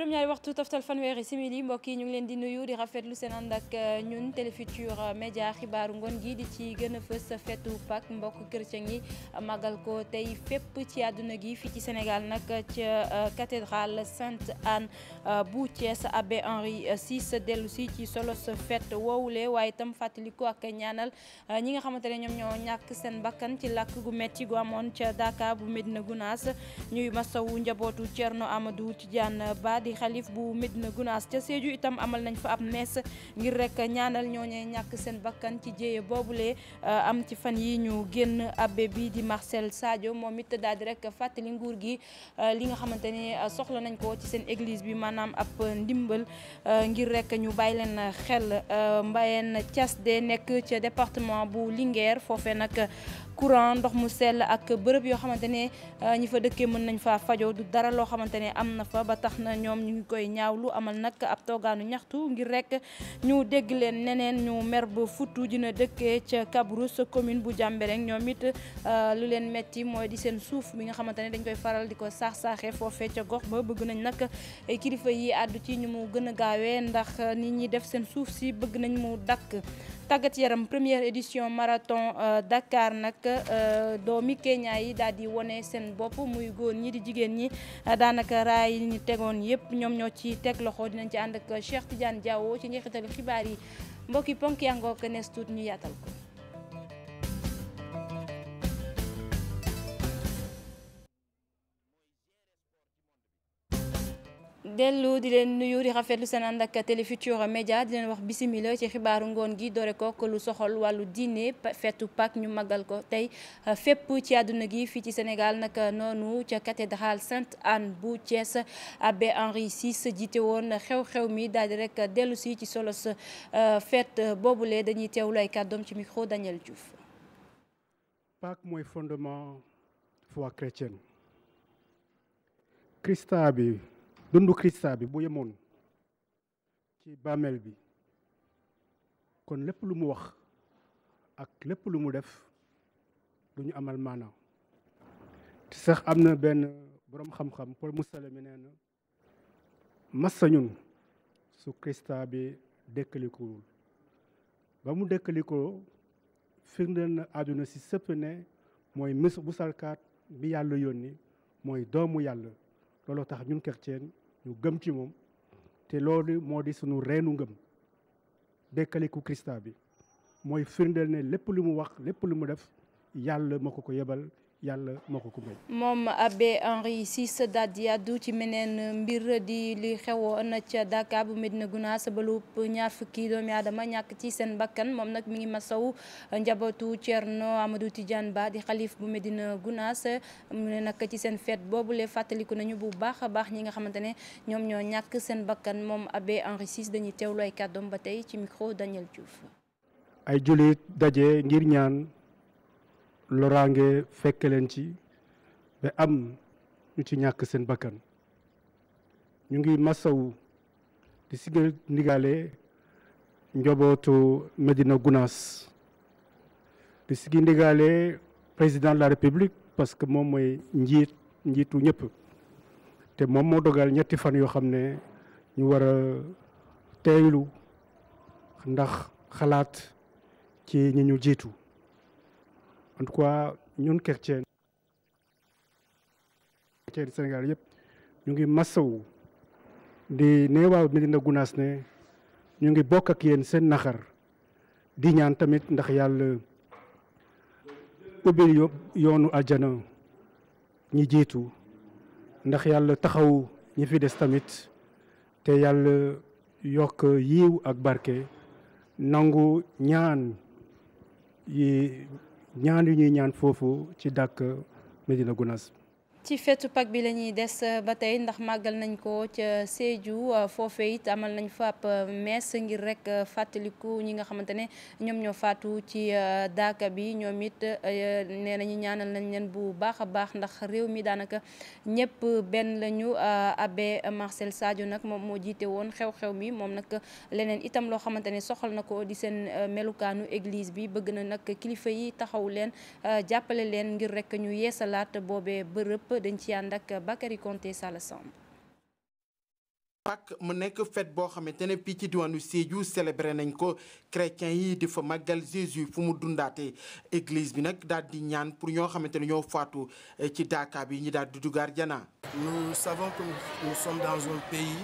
juróom-ñaari waxtu toftal fanweeri simili mbokk yi ñu ngi leen di nuyu di rafetlu seen ànd ak euh, ñun Télé Média xibaaru ngoon gi di ci gën a fës fetu Pâques mbokk chrétien yi màggal ko tey fépp ci àdduna gi fii ci Sénégal nag ca euh, cathédrale Sainte Anne euh, bu abe abbé si sa dellu si ci solo sa fête woowule waaye itam fàttaliku ak ñaanal ñi nga xamante ne ñoom ñoo ñàkk seen bakkan ci làkk gu metti gu amoon ca Dakar bu Médina Gounass ñuy masawu njabootu di xalif bu Médina Gounass ca Sédhiou itam amal nañ fa ab mees ngir rek ñaanal ñooñee ñàkk seen bakkan ci jéeye boobule euh, am ci fan yi ñu génn abbé bi di Marcel Sadio moom it daal di rek fàttali nguur gi euh, li nga xamante ni euh, soxla nañ ko ci seen église bi maanaam ab ndimbal ngir rek ñu bàyyi leen xel Mbayeen Thias de nekk ca département bu Linguère foofe nag courant ndox mu sell ak bërëb yoo xamante ne euh, ñi fa dëkkee mën nañ fa fajoo du dara loo xamante ne am na fa ba tax na ñoom ñu ngi koy ñaaw lu amal nag ab toogaanu ñaxtu ngir rek ñu dégg leen neneen ñu mer ba futtu dina dëkke ca Kabrousse commune bu Diambérène ñoom it euh, lu leen metti mooy di seen suuf bi nga xamante ne dañ koy faral di ko saax-saaxee foofee ca gox ba bëgg nañ nag kilifa yi àddu ci ñu mu gën a gaawee ndax nit ñi def seen suuf si bëgg nañ mu dakk tàggat yaram première édition marathon euh, Dakar nag euh, doomi Kenya yi daal di wone seen bopp muy góor ñi di jigéen ñi daanaka raay yi tegoon yëpp ñoom ñoo ci teg loxo dinañ ci ànd ak Cheikh Tidiane Diawo ci njeexitalu xibaar yi mbokki ponk yangook nees tuut ñu yaatal dellu di leen nuyu di rafetlu seen ànd ak Télé Futurs Médias di leen wax bisimila ci xibaaru ngoon gi doore ko lu soxal wàllu diine fetu pak ñu magal ko tey fépp ci àdduna gi fii ci Sénégal nag noonu ca cathédrale Sainte Anne bu Thiès abbé Henri VI jiite woon xew-xew mi daal di rek dellu si ci solo euh, fête boobule dañuy teewlu ay kàddoom ci micro Daniel Diouf. dundu Christa bi bu yemoon ci bàmmeel bi kon lépp lu mu wax ak lépp lu mu def du ñu amal maanaam te sax am na benn boroom xam-xam Paul Moussale mi nee na massa ñun su Christa bi dëkkalikuwul ba mu dëkkalikoo firndeel na àdduna si sëpp ne mooy mis bu salkaat bi yàlla yónni mooy doomu yàlla looloo tax ñun chrétien ñu gëm ci moom te loolu moo di suñu reenu ngëm dekkaliku Krista bi mooy firndeel ne lépp lu mu wax lépp lu mu def yàlla ma ko ko yebal yàlla moo ko moom abbé Henri Cissé daal di yàddu ci meneen mbir di li xewoon ca Dakar bu medina Gounass ba lu ëpp ñaar fukki doom aadama ñàkk ci seen bakkan moom nag mi ngi ma masaw njabootu Thierno Amadou Tidiane Ba di xalif bu Médina Gounass mu ne nag ci seen fête boobu le fàttaliku nañu bu baax a baax ñi nga xamante ne ñoom ñoo ñàkk seen bakkan moom abbé Henri Cissé dañuy teewlu ay kàddoom ba tey ci micro danielle Diouf ay jullit daje ngir ñaan loraange fekk leen ci ba am ñu ci ñàkk seen bakkan ñu ngi masawu di si ndigaale njobootu Medina Gunaas di si ndigaale président de la république parce que moom mooy njiit njiitu ñëpp te moom moo dogal ñetti fan yoo xam ne ñu war a teeylu ndax xalaat ci ñi ñu jiitu en tout cas ñun chrétien chrétien Sénégal yëpp ñu ngi masawu di ne waaw Médina Gounass ne ñu ngi bokk ak yéen seen naxar di ñaan tamit ndax yàlla ubbil yoonu àjjana ñi jiitu ndax yàlla taxaw ñi fi des tamit te yàlla yokk yiw ak barke nangu ñaan yi ñaan yu ñuy ñaan foofu ci dàkk Médina Gounass ci feetu pak bi lañuy des euh, ba tey ndax màggal nañ ko ca Sédhiou euh, foofe it amal nañ fa ab euh, ngir rek fàttaliku ñi nga xamante ne ñoom ñoo faatu ci daaka bi ñoom it nee nañu ñaanal nañ leen bu baax a baax ndax réew mi daanaka ñëpp benn lañu abbé Marcel Sadio nag moom moo jiite woon xew-xew mi moom nag leneen itam loo xamante ne soxal na ko di seen melukaanu église bi bëgg na nag kilifa yi taxawu leen jàppale leen ngir rek ñu yeesalaat boobee bërëb. yëpp ci ànd ak Bakary Konté Sall Samb mu nekk fête boo xamante ne fii ci diwaanu Sédhiou célébré nañ ko chrétiens yi di fa màggal Jésus fu mu dundaate église bi nag daal di ñaan pour ñoo xamante ne ñoo faatu eh, ci daaka bi ñi daal di dugg àjjana. Nous savons que nous dans un pays.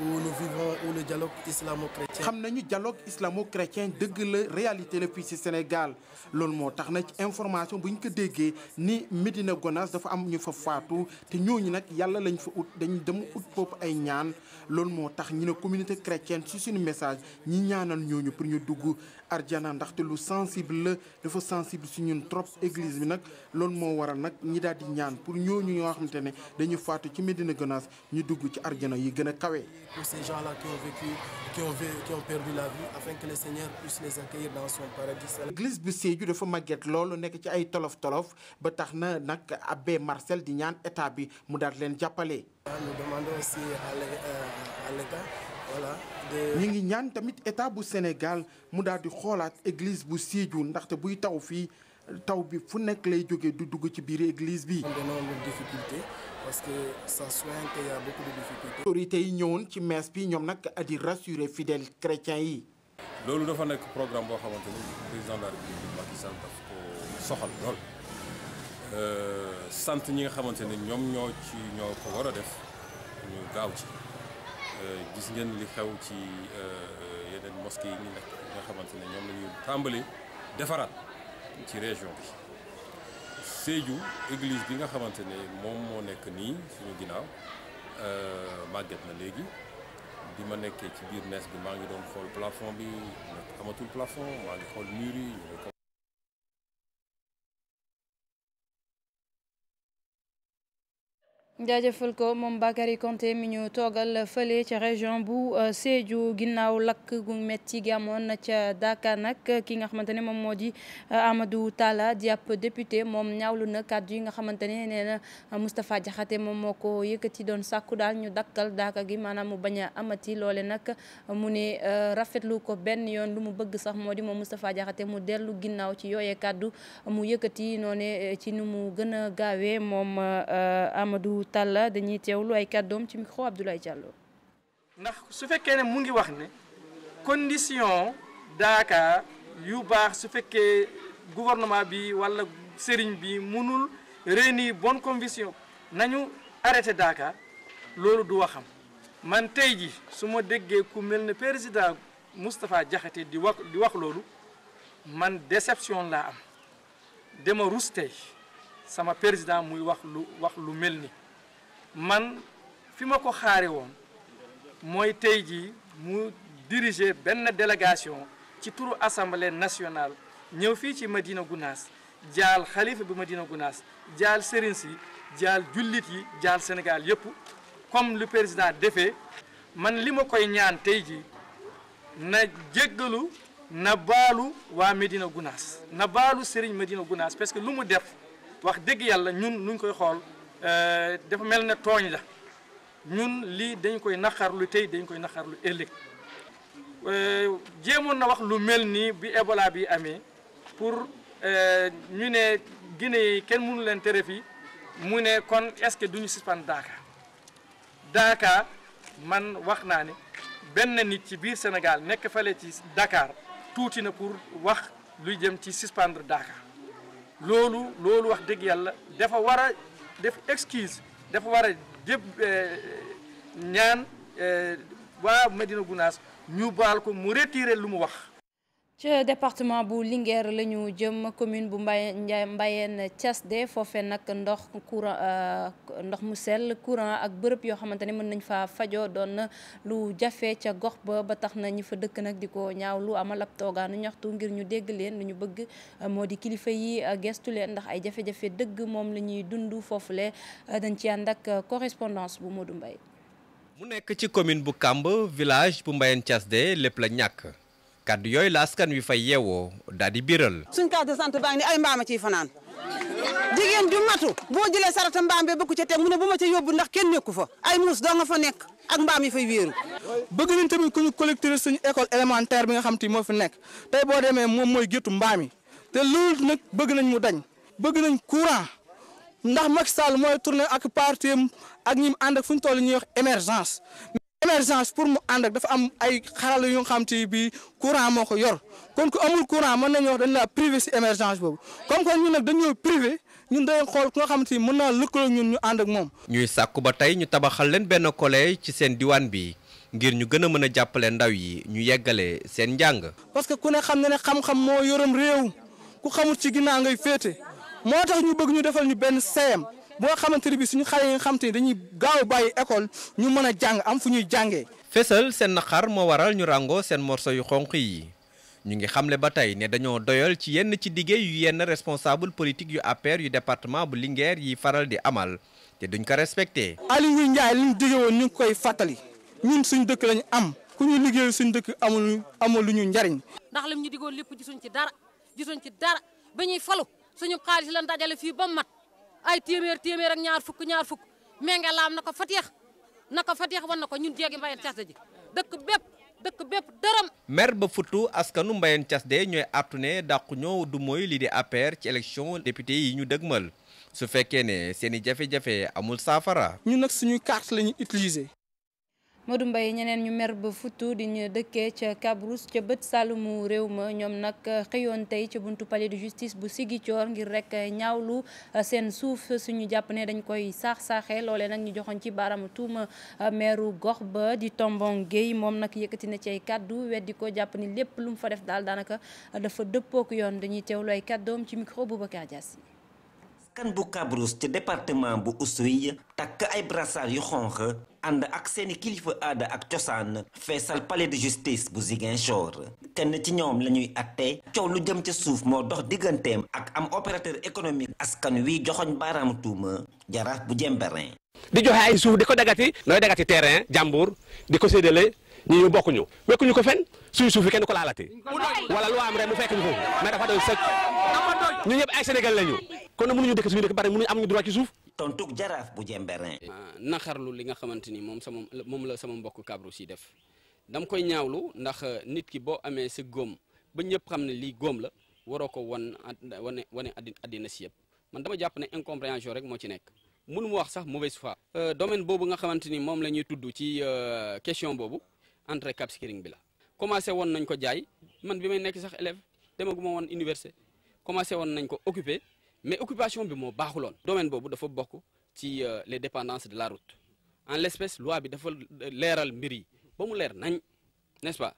où nous vivons où le dialogue islamo-chrétien. xam nañu dialogue islamo-chrétien dëgg la réalité la fii ci Sénégal loolu moo tax ci information bu ñu ko déggee ni Médina Gounass dafa am ñu fa faatu te ñooñu nag yàlla lañ fa ut dañ dem ut foofu ay ñaan loolu moo tax ñu ne communauté chrétienne su suñu message ñi ñaanal ñooñu pour ñu dugg. arjana ndaxte lu sensible la dafa sensible si ñun trop église bi nag loolu moo waral nag ñi daal di ñaan pour ñooñu ñoo xamante ne dañu faatu ci Médina Gounass ñu dugg ci arjana yi gën a kawe. pour ces gens qui ont vécu qui ont perdu la vie afin que le Seigneur puisse les accueillir dans son paradis. église bu Sédhiou dafa màgget loolu nekk ci ay tolof tolof ba tax na nag abbé Marcel di ñaan état bi mu daal leen jàppale. nous demandons aussi à euh, l'État ñu ngi ñaan tamit état bu Sénégal mu daal di xoolaat église bu Sédhiou ndaxte buy taw fii taw bi fu nekk lay jógee du dugg ci biir église bi. parce que ça soigne qu'il y a beaucoup de yi ñëwoon ci messe bi ñoom nag di rassurer fidèles chrétiens yi. loolu dafa nekk programme boo xamante ni président de la république Macky Sall ko soxal lool euh, sant ñi nga xamante ni ñoom ñoo ci ñoo ko war a def ñu gaaw ci. Euh, gis ngeen li xew ci euh, yeneen mosquée yi ñu nga xamante ne ñoom lañuy ñuy tàmbali defaraat ci région bi Sédhiou église bi nga xamante ne moom moo nekk nii suñu ginnaaw euh, màgget na léegi bi ma nekkee ci biir nees bi maa ngi doon xool plafon bi amatul plafond maa ngi xool mur jaajëfal ko moom Bakary Konté mi ñu toogal fële ca région bu euh, Sédhiou ginnaaw lakk gu metti gi amoon ca Dakar nag ki nga xamante ne moom moo di euh, Amadou Talla di ab député moom ñaawlu na kàddu yi nga xamante ne nee na Moustapha Diakhaté moom moo ko yëkkati doon sàkku daal ñu dakkal daaka gi maanaam mu bañ a amati loole nag mu ne euh, rafetlu ko benn yoon lu mu bëgg sax moo di moom Moustapha Diakhaté mu dellu ginnaaw ci yooyee kàddu mu yëkkati noone ci nu mu gën a gaawee moom Amadou. Talla dañuy teewlu ay kàddoom ci micro Abdoulaye Diallo. ndax su fekkee ne mu ngi wax ne condition daaka yu baax su fekkee gouvernement bi walla sëriñ bi mënul réunir bon condition nañu arrêté daaka loolu du waxam man tey ji su ma déggee ku mel ni président Moustapha Diakhaté di wax di wax loolu man déception laa am dama rus tey sama président muy wax lu wax lu mel ni man fi ma ko xaare woon mooy tey jii mu diriger benn délégation ci turu assemblée national ñëw fii ci Medina Gounass jaal xalifa bi Medina Gounass jaal sëriñ si jaal jullit yi jaal Sénégal yëpp comme le président defee man li ma koy ñaan tey jii na jéggalu na baalu waa Medina Gounass na baalu ma Medina Gounass parce que lu mu def wax dëgg yàlla ñun nuñ koy xool Euh, dafa mel ne tooñ la ñun lii dañ koy naqarlu tey dañ koy naqarlu ëllëg euh, jéemoon na wax lu mel nii bi Ebola bi amee pour euh, ñu ne Guinée kenn mënu leen tere fii mu ne kon est-ce que duñu suspendre Daaka Daaka man wax naa ne benn nit ci biir Sénégal nekk fale ci Dakar tuuti na pour wax lu jëm ci suspendre Daaka loolu loolu wax dëgg yàlla dafa war def excuse dafa war a jëb eh, ñaan eh, waa Medina Gounass ñu baal ko mu retiré lu mu wax ca département bu Linguère la ñu jëm commune bu Mbaye Mbayeen Thiasde foofee nag ndox courant euh, ndox mu sell courant ak bërëb yoo xamante ne mën nañ faa fajoo doon lu jafe ca gox ba ba tax na ñi fa dëkk nag di ko ñaaw lu amal ab toogaanu ñaxtu ngir ñu dégg leen lu ñu bëgg moo di kilifa yi gestu leen ndax ay jafe-jafe dëgg moom la ñuy dund foofule dañ ci ànd ak correspondance bu Modou mbay mu nekk ci commune bu Kamb village bu Mbayeen Thiasde lépp la ñàkk. kàddu yooyu la askan wi fay yeewoo daal di biral suñ case de santé baa ngi ni ay mbaama ciy fanaan jigéen ju matu boo jëlee sarata mbaam bee bëgg ca teg mu ne bu ma ca yóbbu ndax kenn nekku fa ay muus doo nga fa nekk ak mbaam yi fay wéeru bëgg nañ tamit ku ñu collecter suñu école élémentaire bi nga xam te moo fi nekk tey boo demee moom mooy géttu mbaam yi te loolu nag bëgg nañ mu dañ bëgg nañ courant ndax Macky Sall mooy tourné ak parti ak ñi mu ànd ak fu ñu toll ñuy wax émergence émergence pour mu ànd ak dafa am ay xarala yu nga xam te bi courant moo ko yor kon ku amul courant mën nañu wax dañ laa privé si émergence boobu comme que ñun nag dañoo privé ñun day xool ku nga xam te mën naa lëkkaloo ñun ñu ànd ak moom. ñuy sàkku ba tey ñu tabaxal leen benn collège ci seen diwaan bi ngir ñu gën a mën a jàppale ndaw yi ñu yeggale seen njàng. parce que ku ne xam na ne xam-xam moo yoram réew ku xamul ci ginnaaw ngay féete moo tax ñu bëgg ñu defal ñu benn CEM boo xamante ne bi suñu xale yi nga xamante ni dañuy gaaw bàyyi école ñu mën a jàng am fu ñuy jàngee. fesal seen naqar moo waral ñu ràngoo seen morso yu xonq yi ñu ngi xamle ba tey ne dañoo doyal ci yenn ci diggéey yu yenn responsable politique yu APR yu département bu Linguère yi faral di amal te duñ ko respecté. Aliou Ndiaye liñ dige woon ñu ngi koy fàttali ñun suñ dëkk lañu am ku ñu liggéey suñ dëkk amul amul lu ñu njariñ. ndax lim ñu digoon lépp gisuñ ci dara gisuñ ci dara ba ñuy ay téeméer téeméer ak ñaar fukk ñaar fukk mais nga laam na ko fateex na ko fateex wan na ko ñun jéegi mbayeen casde ji dëkk bépp dëkk bépp dërëm maire ba futtu askanu mbayeen casde ñooy artu ne dàqu ñoo du mooy lii di APR ci élection député yi ñu dëgmal su fekkee ne seen i jafe-jafe amul saafara ñun nag suñuy carte la ñu utiliser Modou Mbaye ñeneen ñu mer ba futtu di ñu dëkkee ca Kabrousse ca bët sàllumu réew ma ñoom nag xëyoon tey ca buntu palais de justice bu Ziguinchor ngir rek ñaawlu seen suuf suñu jàpp ne dañ koy saax-saaxee loolee nag ñu joxoon ci baaraamu tuuma meeru gox ba di Tombong Gueye moom nag yëkkati na ci ay kaddu weddi ko jàpp ni lépp lu mu fa def daal daanaka dafa dëppook yoon dañuy teewlu ay kaddoom ci micro Boubacar Dias kan bu Kabrousse ci département bu Oussouye takk ay brassard yu xonq ànd ak seeni kilifa aada ak cosaan feesal palais de justice bu Ziguinchor kenn ci ñoom la ñuy atte coow lu jëm ca suuf moo dox digganteem ak am opérateur économique askan wi joxoñ baaraam tuuma jaraaf bu jemberin di joxe suuf di ko dagati nooy dagati terrain jàmbur di ko séddale ñii ñu bokkuñu wekkuñu ko fenn suñu suuf yi kenn ko laalatee wala lu am rek mu fekk ñu foofu mais dafa doy sëkk ñu ñëpp ay Sénégal lañu kon nag mënuñu dëkk suñu dëkk bari mënuñu am ñu droit ci suuf. tontug jaraaf bu li nga xamante ni moom sama moom la sama mbokk Kabrousse si def dam koy ñaawlu ndax nit ki boo amee sa góom ba ñëpp xam ne lii góom la waroo ko wan wane wane addina si yëpp man dama jàpp ne incompréhension rek moo ci nekk. mënu mu wax sax mauvaise fois euh, domaine boobu nga xamante ni moom la ñuy tudd ci euh, question boobu entrée Cap Skirring bi la commencé woon nañ ko jaay man bi may nekk sax élève demaguma woon université commencé woon nañ ko occuper mais occupation bi moo baaxuloon domaine boobu dafa bokk ci euh, les dépendances de la route en l'espèce loi bi dafa euh, leeral mbir yi ba mu leer nañ n'est-ce pas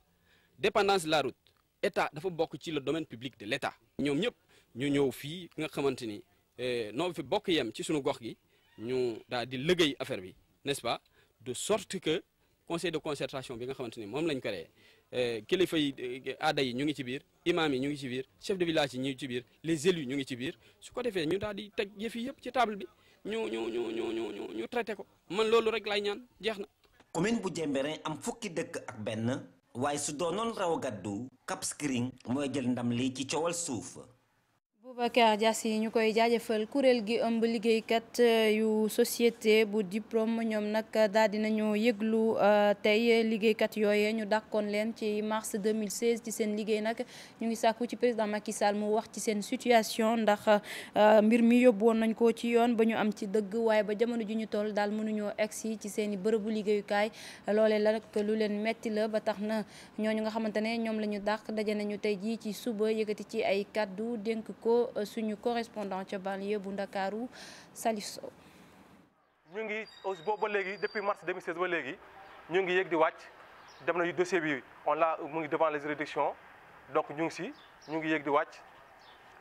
dépendance de la route état dafa bokk ci la domaine public de l'état ñoom ñëpp ñu ñëw fii nga xamante ni euh, noo fi bokk yem ci suñu gox gi ñu daal di liggéey affaire bi nest pas de sorte conseil de concertation bi nga xamante ni moom lañ créé euh, kilifa yi euh, aada yi ñu ngi ci biir imaam yi ñu ngi ci biir chef de village yi ñu ngi ci biir les élus ñu ngi ci biir su ko defee ñu daal di teg yëf yi yëpp ci table bi ñu ñu ñu ñu ñu ñu traité ko man loolu rek lay ñaan jeex na. commune bu Diembéring am fukki dëkk ak benn. waaye su doonoon raw gàddu Cap Skirring mooy jël ndam lii ci coowal suuf. Boubacar Dias yi ñu koy jaajëfal kuréel gi ëmb liggéeykat euh, yu société bu diplôme ñoom nag daal dinañu yëglu euh, tey liggéeykat yooyee ñu dàkkoon leen ci mars 2016 ci seen liggéey nag ñu ngi sàkku ci président Macky Sall mu wax ci seen situation ndax euh, mbir mi yóbbu woon nañ ko ci yoon ba ñu am ci dëgg waaye ba jamono ji ñu toll daal mënuñoo egsi ci seeni bërëbu liggéeyukaay loolee la lu leen metti la ba tax na ñooñu nga xamante ñoom la dàq daje nañu tey ko euh, suñu correspondant ca banlieue bu Ndakaaru Salif ñu ngi aussi boobu ba léegi depuis mars 2016 ba léegi ñu ngi yéeg di wàcc dem nañu dossier bi on l'a mu ngi devant les juridictions donc ñu ngi si ñu ngi yéeg di wàcc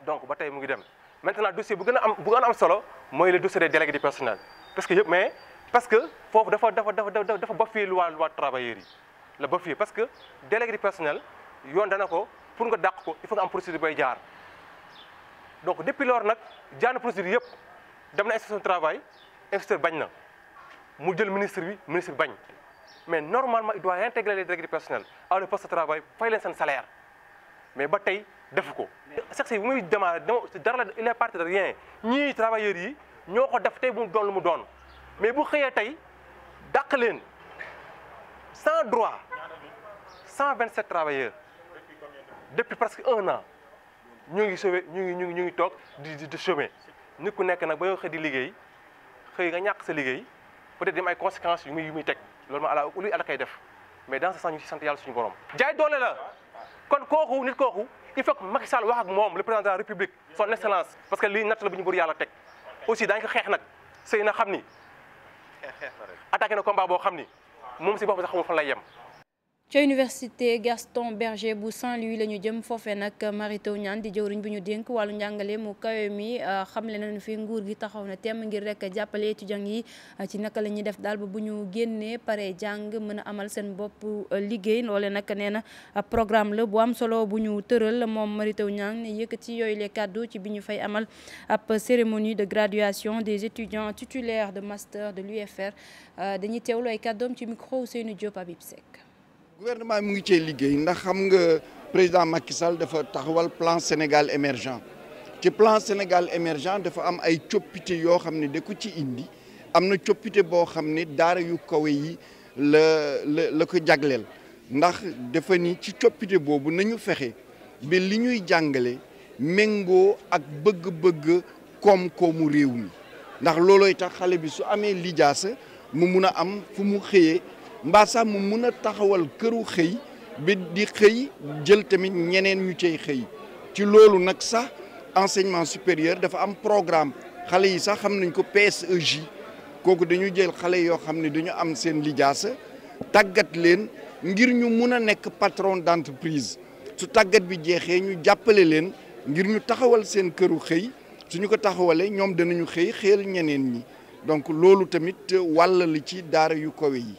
donc ba tey mu ngi dem maintenant dossier bu gën a am bu gën a solo mooy le dossier des délégués du personnel parce que yëpp mais parce que foofu dafa dafa dafa dafa ba fii loi loi travailleurs yi la ba fii parce que délégué du personnel yoon dana ko pour nga dàq ko il faut nga jaar donc depuis lors nag jaar na procédure yëpp dem na inspection du travail bañ na mu jël ministre bi ministre bañ mais normalement il doit intégrer les délégués du personnel à le poste de travail fay leen seen salaire mais ba tey def ko. sexe yi bu muy démarré dara la il est parti de ñii travailleurs yi ñoo ko def tey bu doon lu mu doon mais bu xëyee tey dàq leen sans droit 127 travailleurs depuis presque un an. ñu ngi sauvé ñu ngi ñu ñu ngi toog di di chômer nit ku nekk nag ba nga xëy di liggéey xëy nga ñàkk sa liggéey peut-être dem ay conséquences yu muy yu muy teg loolu ma ala lu ala koy def mais dans ce sens sant yàlla suñu borom. jaay doole la kon kooku nit kooku il faut que Macky Sall wax ak moom le président de la République son excellence parce que lii natt la bu ñu bëri yàlla teg aussi daañu ko xeex nag sëy na xam ni ne ko combat boo xam ni moom si boppam sax xamul fan lay yem. ca université Gaston Berger bu Saint-Louis la ñu jëm foofee nag Mary Teuw Niane di jëwriñ bu ñu dénk wàllu njàngale mu kawe mi euh, xamle nañu fi nguur gi taxaw na temm ngir rek jàppale étudiants yi euh, ci naka la ñuy def daal ba bu ñu génnee pare jàng mën a amal seen bopp euh, liggéey loole nag nee na programme la bu am solo bu ñu tëral moom Mary Teuw Niane ci yooyu les kàddu ci bi ñu fay amal ab cérémonie de graduation des étudiants titulaires de master de l'UFR dañuy teewlu ay kàddoom ci micro Ousseynou Diop Habib Seck gouvernement bi mu ngi cee liggéey ndax xam nga président Macky Sall dafa taxawal plan Sénégal émergent ci plan Sénégal émergent dafa am ay coppite yoo xam ne da ko ci indi am na coppite boo xam ne daara yu kawe yi la la ko jagleel ndax dafa ni ci coppite boobu nañu fexe ba li ñuy jàngale méngoo ak bëgg-bëgg koom-koomu réew mi ndax loolooy tax xale bi su amee lijaasa mu mun a am fu mu xëyee mbaa sax mu mun a taxawal këru xëy bi di xëy jël tamit ñeneen ñu cay xëy ci loolu nag sax enseignement supérieur dafa am programme xale yi sax xam nañ ko PSEJ kooku dañu jël xale yoo xam ne dañu am seen lijaa lijaasa tàggat leen ngir ñu mun a nekk patron d'entreprise su tàggat bi jeexee ñu jàppale leen ngir ñu taxawal seen këru xëy su ñu ko taxawalee ñoom danañu xëy xëyal ñeneen ñi donc loolu tamit wàll ci daara yu kawe yi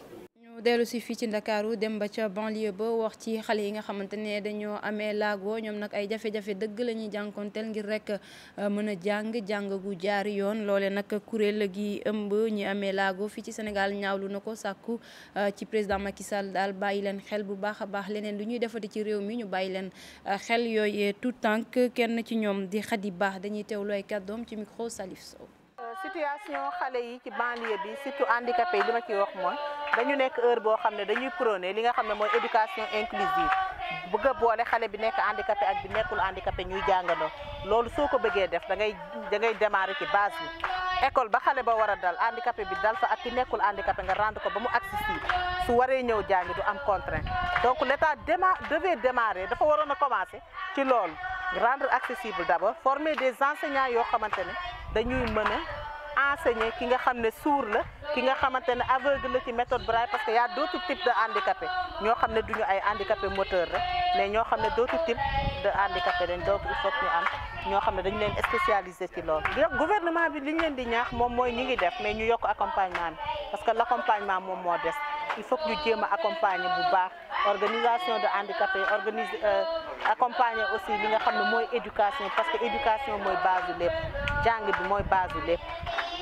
dellu si fii ci ndakaaru dem ba ca banlieue ba wax ci xale yi nga xamante ne dañoo amee laago ñoom nag ay jafe-jafe dëgg la ñuy jànkonteel ngir rek euh, mën a jàng jàng gu jaar yoon loole nag kuréel gi ëmb ñi amee laago fii ci Sénégal ñaawlu na ko sàkku euh, ci président Macky Sall daal bàyyi leen xel bu baax a baax leneen lu ñuy defati ci réew mi ñu bàyyi leen euh, xel yooyu tout tànk kenn ci ñoom di xadi baax dañuy teewlu ay kàddoom ci micro Salif situation xale yi ci banlieue bi surtout handicapé yi li ma ciy wax mooy dañu nekk heure boo xam ne dañuy prôné li nga xam ne mooy éducation inclusive bëgg a boole xale bi nekk handicapé ak bi nekkul handicapé ñuy jàngandoo loolu soo ko bëggee def da ngay da ngay démarrer ci base bi. école ba xale ba war a dal handicapé bi dal fa ak ki nekkul handicapé nga rendre ko ba mu accessible su waree ñëw jàngi du am contrainte donc l' état déma devait démarrer dafa waroon a commencer ci loolu rendre accessible d' abord former des enseignants yoo xamante ne dañuy mën enseigner ki nga xam ne sourd la ki nga xamante ne aveugle la ci méthode braille parce que y a d'autres de handicapé ñoo xam ne duñu ay handicapé moteur rek mais ñoo xam ne d'autres types de handicapé dañ donc il faut ñu am ñoo xam ne dañu leen spécialisé ci loolu. gouvernement bi li ñu leen di ñaax moom mooy ñu ngi def mais ñu yokk accompagnement bi parce que moom moo des il faut que ñu jéem a accompagner bu baax organisation de handicapé organiser euh, accompagner aussi li nga xam ne mooy éducation parce que éducation mooy base lépp jàng bi mooy base du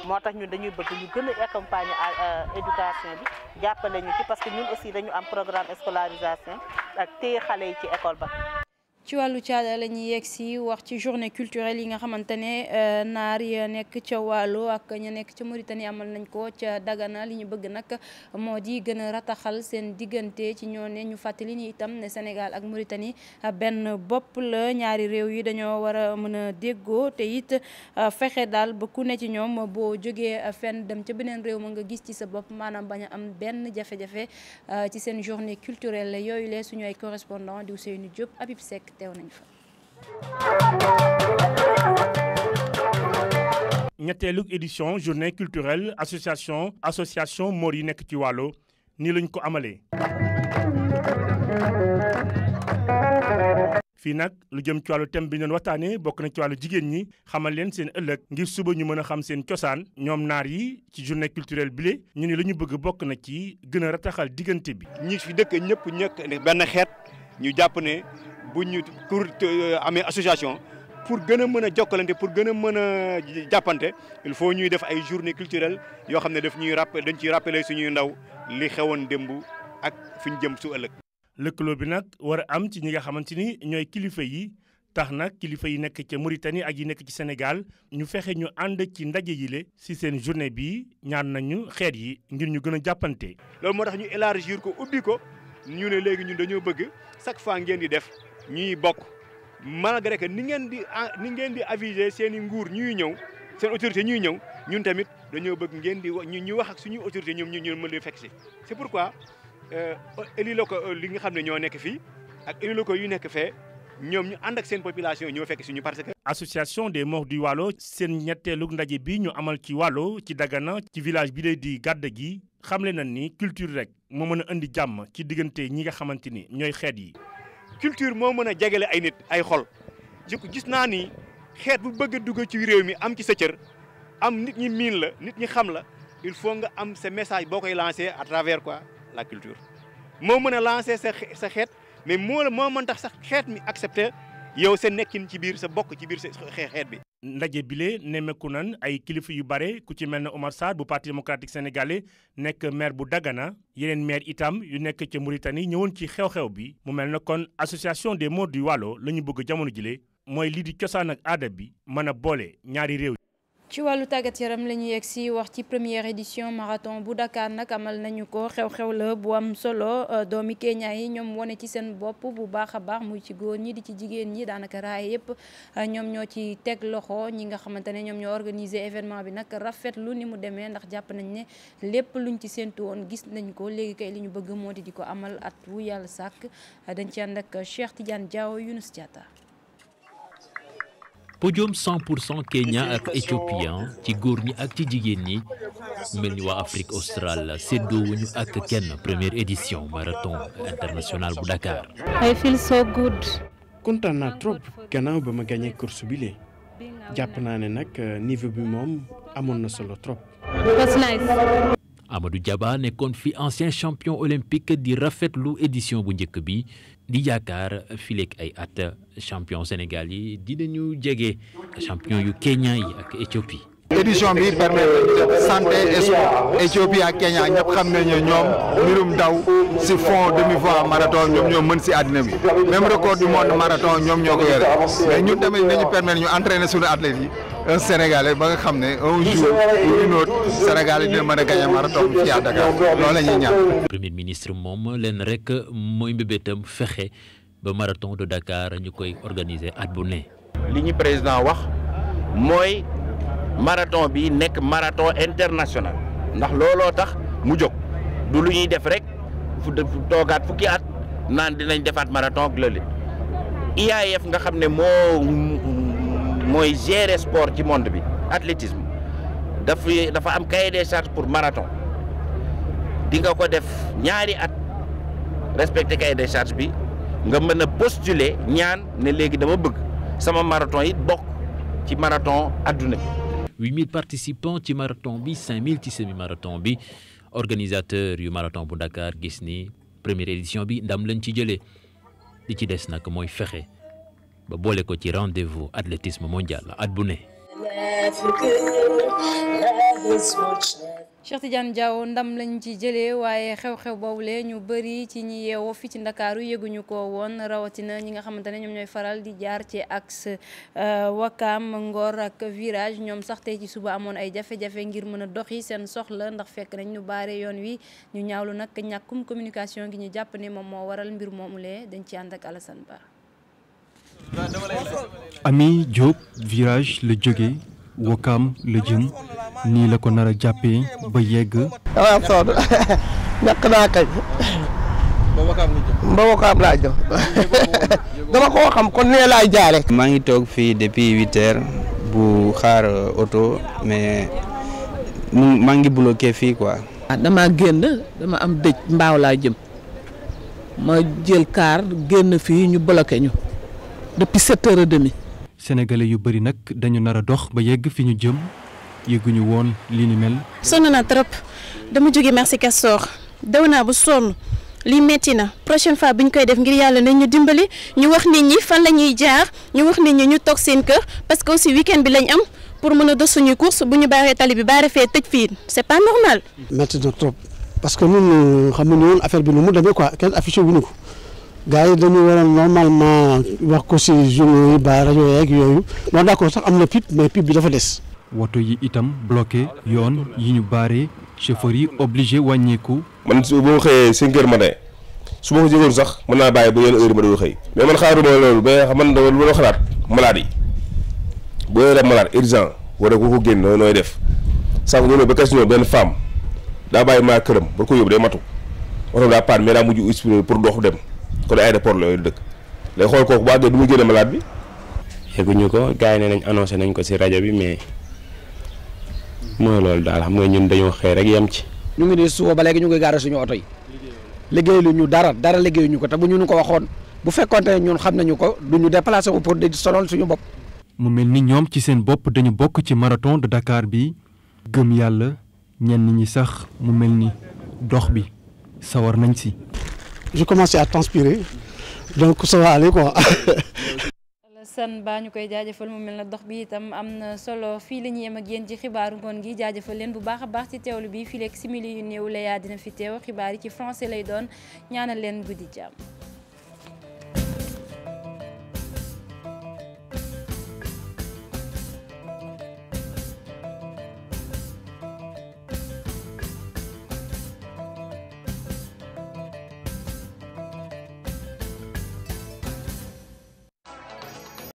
moo tax ñu dañuy bëgg ñu gën a accompagner euh, euh, éducation bi jàppale ñu ci parce que ñun aussi dañu am programme scolarisation ak xale yi ci école ba ci wàllu caada la ñuy yegg si wax ci journée culturelle yi nga xamante ne euh, naar ya nekk ca Waalo ak ña nekk ca Mauritanie amal nañ ko ca Dagana li ñu bëgg nag moo di gën a rataxal seen diggante ci ñoo ne ñu fàttali ni itam Sénégal ak Mauritanie benn bopp la ñaari réew yi dañoo war a mën a déggoo te it euh, fexe daal ba ku ci ñoom boo jógee fenn dem ca beneen réew ma nga gis ci sa bopp maanaam bañ am benn jafe-jafe euh, ci seen journée culturelle yooyu lee suñu ay correspondant di Ousseynou Diop Habib Seck ñetteelu édition journée culturel association association moor yi nekk ci Waalo nii lañ ko amalee. fii nag lu jëm ci wàllu thème bi ñu doon waxtaanee bokk na ci wàllu jigéen ñi xamal leen seen ëllëg ngir suba ñu mën a xam seen cosaan ñoom naar yi ci journée culturelle bile ñu ne la ñu bëgg bokk na ci gën a rataxal diggante bi. ñi fi dëkk ñëpp ñëkk benn xeet ñu jàpp ne bu ñu pour euh, amee association pour gën a mën a jokkalante pour gën a mën a jàppante il faut ñuy def ay journée culturelle yoo xam ne daf ñuy rapp dañ ciy rappeler suñuy ndaw li xewoon démb ak fi ñu jëm su ëllëg. lëkkaloo bi nag war a am ci ñi nga xamante ni ñooy kilifa yi tax nag kilifa yi nekk ca Mauritanie ak yi nekk ci Sénégal ñu fexe ñu ànd ci ndaje yi le si seen journée bi ñaan nañu xeet yi ngir ñu gën a jàppante. loolu moo tax ñu élargir ko ubbi ko ñu ne léegi ñun dañoo bëgg chaque fois ngeen di def. ñuy bokk malgré que ni ngeen di ah, ni ngeen di aviser seen i nguur ñuy ñëw seen autorité ñuy ñëw ñun tamit dañoo bëgg ngeen di ñu ñu wax ak suñu autorité ñoom ñu ñu mën di fekk si. c'est pour euh, élus locaux euh, li nga xam ne ñoo nekk fii ak élus yu nekk fee ñoom ñu ànd ak seen population ñoo fekk si ñu parce que. association des morts di Waalo seen ñetteelu ndaje bi ñu amal ci Waalo ci daggana ci village bi lay di gàdd gi xam xamle na ni culture rek moo mën a indi jàmm ci diggante ñi nga xamante ni ñooy xeet yi. culture moo mën a jegele ay nit ay xol je gis naa ni xeet bu bëgg a dugg ci réew mi am ci sa cër am nit ñi miin la nit ñi xam la il faut nga am sa message boo koy lancer à travers quoi la culture moo mën a lancer sa sa xeet mais moo la moo mën tax sax xeet mi accepter yow sa nekkin ci biir sa bokk ci biir sa xeexeet bi. ndaje bile nemmeeku nan ay kilifa yu bare ku ci mel ne Omar Sarr bu parti démocratique sénégalais nekk maire bu daggana yeneen maire itam yu nekk ca Mauritanie ñëwoon ci xew-xew bi mu mel ne kon association des morts du Waalo la ñu bëgg jamono jile mooy lii di cosaan ak aada bi mën a boole ñaari réew. ci wàllu tàggat yaram la ñu yegg si wax ci première édition marathon bu Dakar nag amal nañu ko xew-xew la bu am solo euh, doomi Kenya yi ñoom wane ci seen bopp bu baax a baax muy ci góor ñi di ci jigéen ñi daanaka raay yëpp euh, ñoom ñoo ci teg loxo ñi nga xamante ne ñoom ñoo organiser événement bi nag rafetlu ni mu demee ndax jàpp nañ ne lépp luñ ci séentu woon gis nañu ko léegi kay li ñu bëgg moo di di ko amal at wu yàlla sàkk dañ ci ànd ak Cheikh Tidiane Diaw Younous Diatta podium 100 pour cent Kenya ak Éthiopien ah, ci góor ñi ak ci jigéen ñi mel ni waa Afrique australe séddoowuñu ak kenn première édition marathon international bu Dakar. I feel so good. kontaan trop gannaaw ba ma gagné course bi lee jàpp naa ne nag euh, niveau bi moom amoon na solo trop. Amadou Diaba nekkoon fi ancien champion olympique di rafetlu édition bu njëkk bi di yaakaar fileek ay at champion Sénégal yi dina dinañu jege champion yu Kenya yi ak Éthiopie. édition bi permettre santé et sport Éthiopie ak Kenya ñëpp xam nañu ñoom mbirum daw si fond demi-voie marathon ñoom ñoo mën si àddina bi même record du monde marathon ñoom ñoo ko yore mais ñun nañu permettre ñu entraîner suñu athlètes yi. un Sénégalais ba nga xam ne un jour ou une autre Sénégal dina mën a gagné marathon fii à Dakar loolu la ñuy ñaan. premier ministre moom leen rek mooy mbébétam fexe ba marathon de Dakar ñu koy organiser at bu ne. li ñu président wax mooy marathon bi nekk maraton international ndax looloo tax mu jóg du lu ñuy def rek fu toogaat fukki at naan dinañ defaat marathon ak lële IAAF nga xam ne moo mooy gérer sport ci monde bi athlétisme dafay dafa am cahier des charges pour marathon di nga ko def ñaari at respecté kay de charges bi nga mën a postuler ñaan ne léegi dama bëgg sama marathon it bokk ci marathon adduna bi. 8000 participants ci marathon bi 5000 ci semi marathon bi organisateur yu marathon bu Dakar gis ni première édition bi ndam lañ ci jëlee li ci des nag mooy fexe. ba boole ko ci rendez-vous athlétisme mondial at bu ne. Cheikh Tidiane ndam lañ ci jële waaye xew-xew boobule ñu bëri ci ñi yeewoo fi ci ndakaaru yëguñu ko woon rawatina ñi nga xamante ne ñoom ñooy faral di jaar ci axe euh, Wakaam Ngor ak virage ñoom sax tey ci suba amoon ay jafe-jafe ngir mën a doxi seen soxla ndax fekk nañ ñu baare yoon wi ñu ñaawlu nag ñàkkum communication gi ñu jàpp ni moom moo waral mbir moomulee dañ ci ànd ak Alassane Ba Ami Diop virage la jóge Wakaam la jëm nii la ko nar a ba yegg. waaw soo de laa jëm dama koo xam kon nee laay jaare. maa ngi toog fii depuis huit bu xaar oto euh, mais maa ngi bloqué fii quoi. ah dama génn dama am dëj mbaaw laa jëm ma jël kaar génn fii ñu bloqué ñu. depuis sept heures et demie. yu bëri nag dañu nar a dox ba yegg fi ñu jëm yëgguñu woon li ni mel. sonn na trop dama jóge merci Castor daw naa bu sonn lii metti na prochaine fois bi ñu koy def ngir yàlla nañ ñu dimbali ñu wax nit ñi fan la ñuy jaar ñu wax nit ñi ñu toog seen kër parce que aussi weekend bi lañ am pour mën a dos suñuy course bu ñu baaxee tali bi baare fee tëj fii c'est pas normal. metti na trop parce que ñun euh, xamuñu woon affaire bi nu mu demee quoi kenn affiché wuñu ko. gars yi dañu waroon normalement wax ko si journaux yi ba rajo yeeg yooyu non d'accord sax am na pipe mais pipe bi dafa des. woto yi itam bloqué yoon yi ñu baaree chauffeur yi obligé wàññeeku. man su ma xëyee cinq heures matin su ma ko jógoon sax mën naa bàyyi ba yenn heure ma doon xëy. man xaaruma loolu ba man boo yoree a ko ko génn nooy def sànq ñu ne ba question benn femme daa bàyyi maa këram ba ko yóbbu day matu oto daa paan mais daa mujj inspiré pour dox dem. ko de aéroport la yooyu dëkk léegi xool kooku bu du mu génne malaat bi. yëguñu ko gars yi ne nañ annoncé nañ ko si rajo bi mais mooy loolu daal xam nga ñun dañoo xëy rek yem ci. ñu ngi nii suba ba léegi ñu ngi gaare suñu oto yi liggéey lu ñu dara dara liggéeyuñu ko te bu ñu nu ko waxoon bu fekkoon te ñun xam nañu ko du ñu déplacé wu pour di sonal suñu bopp. mu mel ni ñoom ci seen bopp dañu bokk ci maraton de Dakar bi gëm yàlla ñenn ñi sax mu mel ni dox bi sawar nañ si. je commençais à transpirer donc ça va aller quoi. san baa ñu koy jaajëfal mu mel na dox bi itam am na solo fii la ñuy yem ak yéen ci xibaaru ngoon gi jaajëfal leen bu baax a baax ci teewlu bi fii leeg simili yu néew la yaa dina fi teew xibaar yi ci français lay doon ñaanal leen guddi jàmm